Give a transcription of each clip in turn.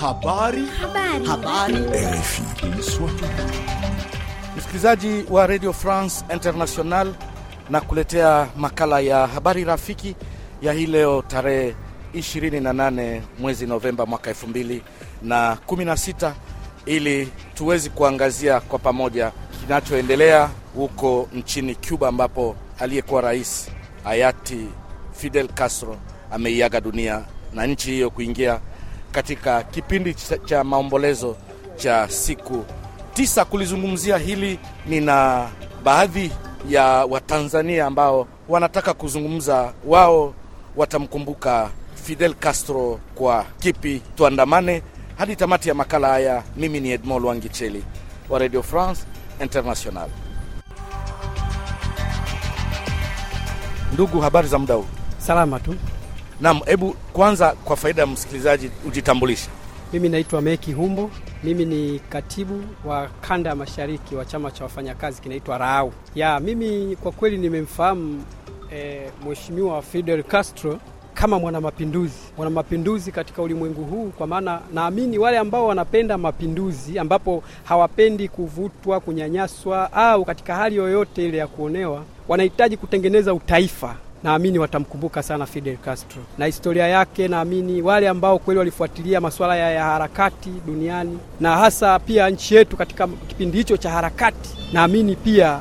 Habari. Habari. Habari. msikilizaji wa Radio France International na kuletea makala ya habari rafiki ya hii leo tarehe 28 mwezi Novemba mwaka 2016 ili tuwezi kuangazia kwa pamoja kinachoendelea huko nchini Cuba ambapo aliyekuwa rais hayati Fidel Castro ameiaga dunia na nchi hiyo kuingia katika kipindi cha maombolezo cha siku tisa kulizungumzia hili. Nina baadhi ya Watanzania ambao wanataka kuzungumza, wao watamkumbuka Fidel Castro kwa kipi. Tuandamane hadi tamati ya makala haya. Mimi ni edmol Wangicheli wa Radio France International. Ndugu, habari za muda huu? Salama tu. Naam, hebu kwanza kwa faida ya msikilizaji ujitambulishe. Mimi naitwa Meki Humbo, mimi ni katibu wa kanda ya mashariki wa chama cha wafanyakazi kinaitwa Raau. Ya mimi kwa kweli nimemfahamu e, Mheshimiwa Fidel Castro kama mwanamapinduzi, mwanamapinduzi katika ulimwengu huu, kwa maana naamini wale ambao wanapenda mapinduzi, ambapo hawapendi kuvutwa, kunyanyaswa au katika hali yoyote ile ya kuonewa, wanahitaji kutengeneza utaifa naamini watamkumbuka sana Fidel Castro na historia yake. Naamini wale ambao kweli walifuatilia masuala ya, ya harakati duniani na hasa pia nchi yetu katika kipindi hicho cha harakati, naamini pia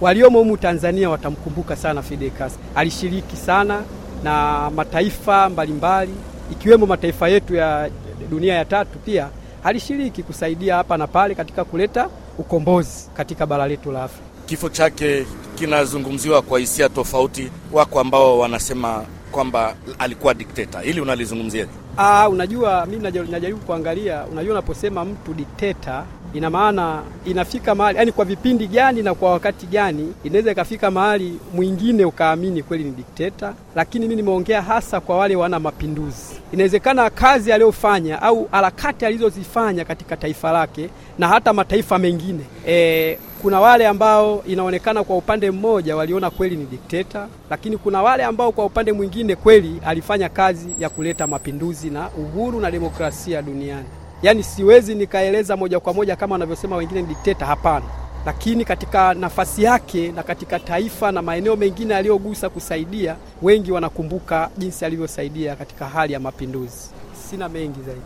waliomo humu Tanzania watamkumbuka sana Fidel Castro. Alishiriki sana na mataifa mbalimbali ikiwemo mataifa yetu ya dunia ya tatu, pia alishiriki kusaidia hapa na pale katika kuleta ukombozi katika bara letu la Afrika. Kifo chake kinazungumziwa kwa hisia tofauti. Wako ambao wanasema kwamba alikuwa dikteta, hili unalizungumziaje? Ah, unajua mimi najaribu kuangalia, unajua unaposema mtu dikteta ina maana inafika mahali yani, kwa vipindi gani na kwa wakati gani inaweza ikafika mahali mwingine ukaamini kweli ni dikteta, lakini mimi nimeongea hasa kwa wale wana mapinduzi inawezekana kazi aliyofanya au harakati alizozifanya katika taifa lake na hata mataifa mengine e, kuna wale ambao inaonekana kwa upande mmoja waliona kweli ni dikteta, lakini kuna wale ambao kwa upande mwingine kweli alifanya kazi ya kuleta mapinduzi na uhuru na demokrasia duniani. Yaani siwezi nikaeleza moja kwa moja kama wanavyosema wengine ni dikteta, hapana lakini katika nafasi yake na katika taifa na maeneo mengine aliyogusa kusaidia, wengi wanakumbuka jinsi alivyosaidia katika hali ya mapinduzi. Sina mengi zaidi.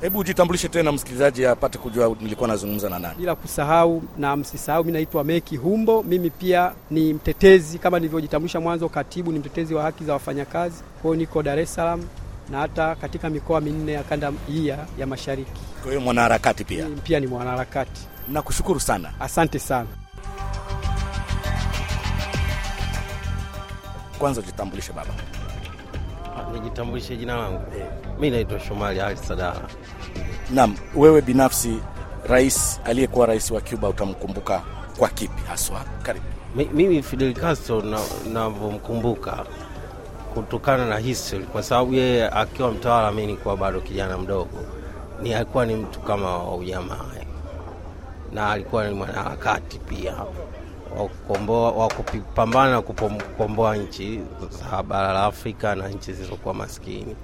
Hebu ujitambulishe tena msikilizaji apate kujua nilikuwa nazungumza na nani. Bila kusahau na msisahau, mi naitwa Meki Humbo. Mimi pia ni mtetezi kama nilivyojitambulisha mwanzo, katibu, ni mtetezi wa haki za wafanyakazi. Kwa hiyo niko Dar es Salaam na hata katika mikoa minne ya kanda hiya ya mashariki. Kwa hiyo mwanaharakati pia pia ni mwanaharakati. Nakushukuru sana, asante sana. Kwanza ujitambulishe baba. Ah, nijitambulishe jina langu eh? Mi naitwa Shomali Ali Sadara. Naam, wewe binafsi, rais aliyekuwa rais wa Cuba utamkumbuka kwa kipi haswa? Karibu. Mimi Fidel Castro navyomkumbuka na kutokana na history, kwa sababu yeye akiwa mtawala, mi nikuwa bado kijana mdogo, ni alikuwa ni mtu kama wa ujamaa na alikuwa ni mwanaharakati pia wakukomboa wakupambana na kukomboa nchi za bara la Afrika na nchi zilizokuwa maskini.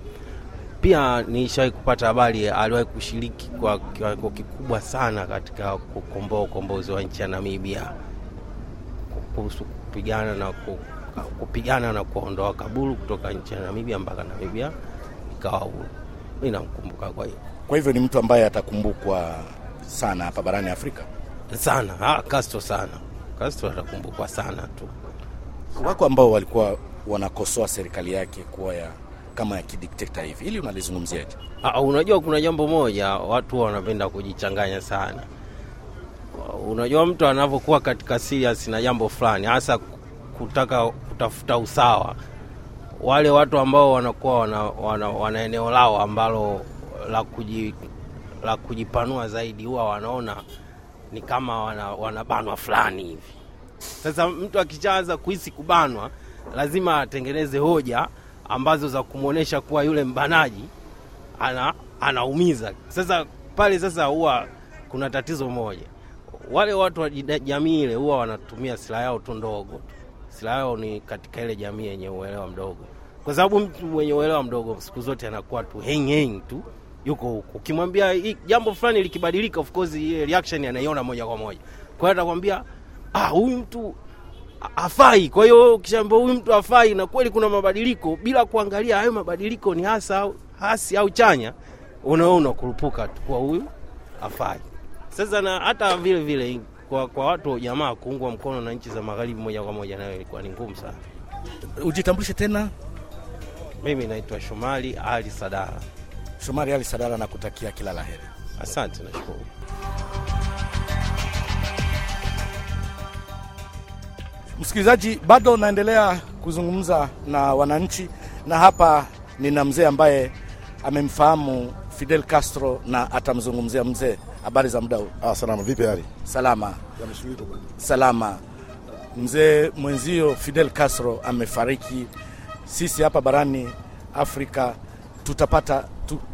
Pia nilishawahi kupata habari, aliwahi kushiriki kwa kiwango kikubwa sana katika kukomboa ukombozi wa nchi ya Namibia kuhusu kupigana na kuku kupigana na kuondoa kaburu kutoka nchi ya Namibia mpaka Namibia ikawa huru. Mi namkumbuka kwa hiyo. Kwa hivyo ni mtu ambaye atakumbukwa sana hapa barani Afrika sana. Ha, ah, Castro sana, Castro atakumbukwa sana tu. Wako ambao walikuwa wanakosoa serikali yake kuwa ya kama ya kidikteta hivi, ili unalizungumziaje? Ah, ah, unajua, kuna jambo moja watu wanapenda kujichanganya sana. Unajua, mtu anavyokuwa katika serious na jambo fulani, hasa kutaka kutafuta usawa. Wale watu ambao wanakuwa wana, wana, wana eneo lao ambalo la, kuji, la kujipanua zaidi huwa wanaona ni kama wana, wanabanwa fulani hivi. Sasa mtu akishaanza kuhisi kubanwa, lazima atengeneze hoja ambazo za kumwonyesha kuwa yule mbanaji ana, anaumiza. Sasa pale sasa huwa kuna tatizo moja, wale watu wa jamii ile huwa wanatumia silaha yao tu ndogo tu silaha yao ni katika ile jamii yenye uelewa mdogo, kwa sababu mtu mwenye uelewa mdogo siku zote anakuwa tu heng heng tu yuko huko. Ukimwambia jambo fulani likibadilika, of course ile reaction anaiona moja kwa moja. Kwa hiyo atakwambia ah, huyu mtu afai Kwa hiyo ukishaambia huyu mtu afai na kweli kuna mabadiliko, bila kuangalia hayo mabadiliko ni hasa hasi au chanya, unaona unakurupuka tu kwa huyu afai. Sasa na hata vile vile kwa, kwa watu jamaa kuungwa mkono na nchi za magharibi moja kwa moja, nayo ilikuwa ni ngumu sana. Ujitambulishe tena. Mimi naitwa Shomari Ali Sadara. Shomari Ali Sadala, nakutakia kila la heri. Asante, nashukuru. Msikilizaji, bado naendelea kuzungumza na wananchi, na hapa nina mzee ambaye amemfahamu Fidel Castro na atamzungumzia mzee Habari za muda huu? Ah, salama. Vipi hali? Salama. Salama. Mzee mwenzio Fidel Castro amefariki. Sisi hapa barani Afrika tutapata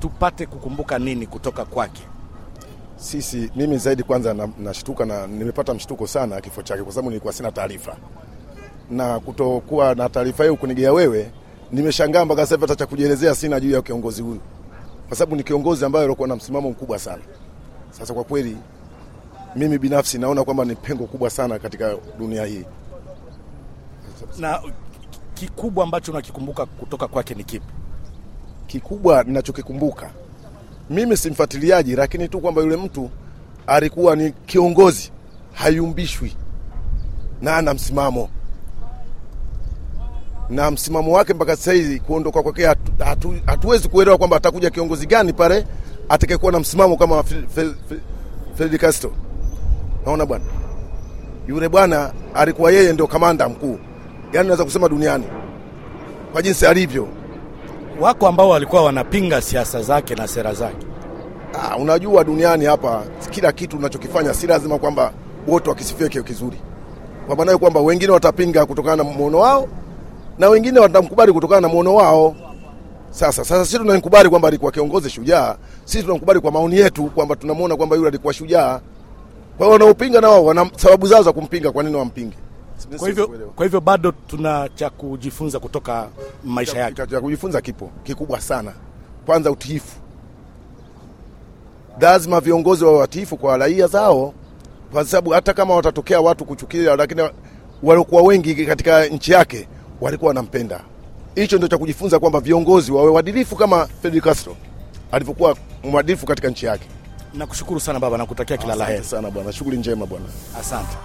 tupate kukumbuka nini kutoka kwake? Sisi mimi zaidi kwanza nashtuka na, na nimepata mshtuko sana kifo chake, kwa sababu nilikuwa sina taarifa, na kutokuwa na taarifa hiyo kunigea wewe, nimeshangaa mpaka sasa, hata cha kujielezea sina juu ya kiongozi huyu, kwa sababu ni kiongozi ambaye alikuwa na msimamo mkubwa sana. Sasa kwa kweli mimi binafsi naona kwamba ni pengo kubwa sana katika dunia hii. Na kikubwa ambacho unakikumbuka kutoka kwake ni kipi? Kikubwa ninachokikumbuka mimi si mfuatiliaji, lakini tu kwamba yule mtu alikuwa ni kiongozi, hayumbishwi na ana msimamo na msimamo wake mpaka sasa hivi. Kuondoka kwake hatuwezi hatu, kuelewa kwamba atakuja kiongozi gani pale atakayekuwa na msimamo kama Fidel Castro. Naona bwana yule bwana alikuwa yeye ndio kamanda mkuu, yaani naweza kusema duniani kwa jinsi alivyo. Wako ambao walikuwa wanapinga siasa zake na sera zake. Ah, unajua duniani hapa kila kitu unachokifanya si lazima kwamba wote wakisifia kio kizuri, kwa maana kwamba wengine watapinga kutokana na muono wao na wengine watamkubali kutokana na muono wao. Sasa sasa sisi tunakubali kwamba alikuwa kiongozi shujaa, sisi tunakubali kwa maoni yetu kwamba tunamwona kwamba yule alikuwa shujaa. Kwa hiyo wanaopinga na wao wana sababu zao za kumpinga, kwa nini wampinge? Kwa hivyo, kwa hivyo bado tuna cha kujifunza kutoka maisha yake. Cha kujifunza kipo kikubwa sana. Kwanza utiifu, lazima viongozi wawe watiifu kwa raia zao, kwa sababu hata kama watatokea watu kuchukia, lakini waliokuwa wengi katika nchi yake walikuwa wanampenda. Hicho ndio cha kujifunza kwamba viongozi wawe wadilifu kama Fidel Castro alivyokuwa mwadilifu katika nchi yake. Nakushukuru sana baba, nakutakia kila la heri sana bwana. Shughuli njema bwana, asante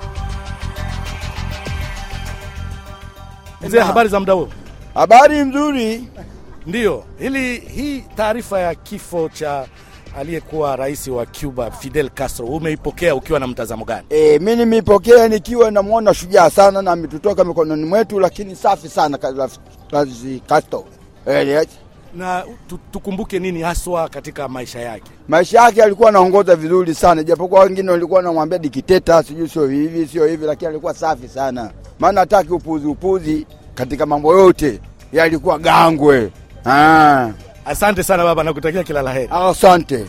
mzee. Habari za muda huu? Habari nzuri. ndio hili hii taarifa ya kifo cha aliyekuwa rais wa Cuba Fidel Castro, umeipokea ukiwa na mtazamo gani? E, mi nimeipokea nikiwa namwona shujaa sana na ametutoka mikononi mwetu, lakini safi sana kazi Castro. E, na tukumbuke nini haswa katika maisha yake? Maisha yake alikuwa anaongoza vizuri sana, japokuwa wengine walikuwa wanamwambia dikiteta, sijui sio hivi sio hivi, lakini alikuwa safi sana, maana hataki upuzi upuzi katika mambo yote, yalikuwa gangwe ah. Asante sana baba, nakutakia kila la heri. Asante.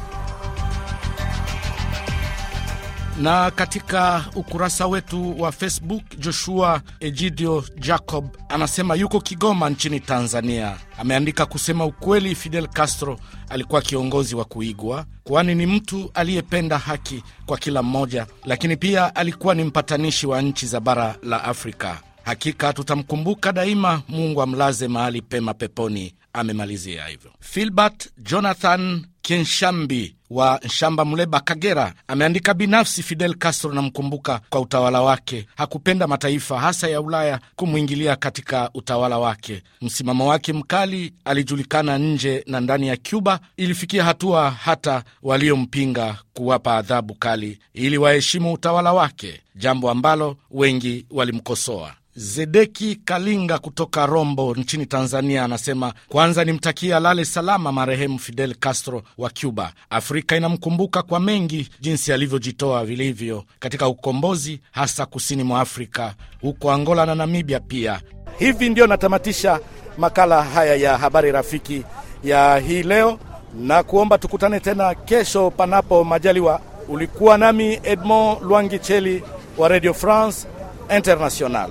Na katika ukurasa wetu wa Facebook, Joshua Egidio Jacob anasema yuko Kigoma nchini Tanzania. Ameandika kusema ukweli, Fidel Castro alikuwa kiongozi wa kuigwa, kwani ni mtu aliyependa haki kwa kila mmoja, lakini pia alikuwa ni mpatanishi wa nchi za bara la Afrika. Hakika tutamkumbuka daima, Mungu amlaze mahali pema peponi amemalizia hivyo. Filbert Jonathan Kinshambi wa Nshamba, Muleba, Kagera ameandika binafsi, Fidel Castro namkumbuka kwa utawala wake. Hakupenda mataifa hasa ya Ulaya kumwingilia katika utawala wake. Msimamo wake mkali alijulikana nje na ndani ya Cuba, ilifikia hatua hata waliompinga kuwapa adhabu kali ili waheshimu utawala wake, jambo ambalo wengi walimkosoa. Zedeki Kalinga kutoka Rombo nchini Tanzania anasema kwanza nimtakie alale salama marehemu Fidel Castro wa Cuba. Afrika inamkumbuka kwa mengi, jinsi alivyojitoa vilivyo katika ukombozi, hasa kusini mwa Afrika, huko Angola na Namibia pia. Hivi ndio natamatisha makala haya ya habari rafiki ya hii leo, na kuomba tukutane tena kesho, panapo majaliwa. Ulikuwa nami Edmond Lwangicheli wa Radio France International.